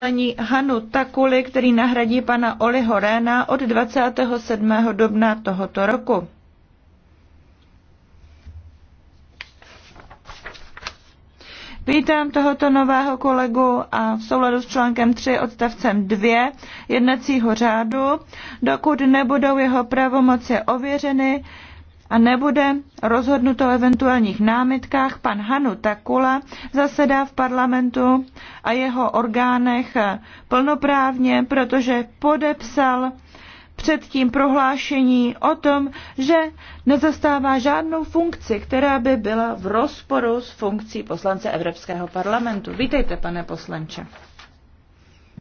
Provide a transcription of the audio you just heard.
paní Hanu Takuli, který nahradí pana Oliho Réna od 27. dubna tohoto roku. Vítám tohoto nového kolegu a v souladu s článkem 3 odstavcem 2 jednacího řádu, dokud nebudou jeho pravomoci ověřeny a nebude rozhodnuto o eventuálních námitkách, pan Hanu Takula zasedá v parlamentu a jeho orgánech plnoprávně, protože podepsal předtím prohlášení o tom, že nezastává žádnou funkci, která by byla v rozporu s funkcí poslance Evropského parlamentu. Vítejte, pane poslanče.